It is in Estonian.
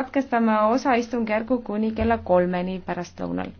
katkestame osaistungjärgu kuni kella kolmeni pärastlõunal.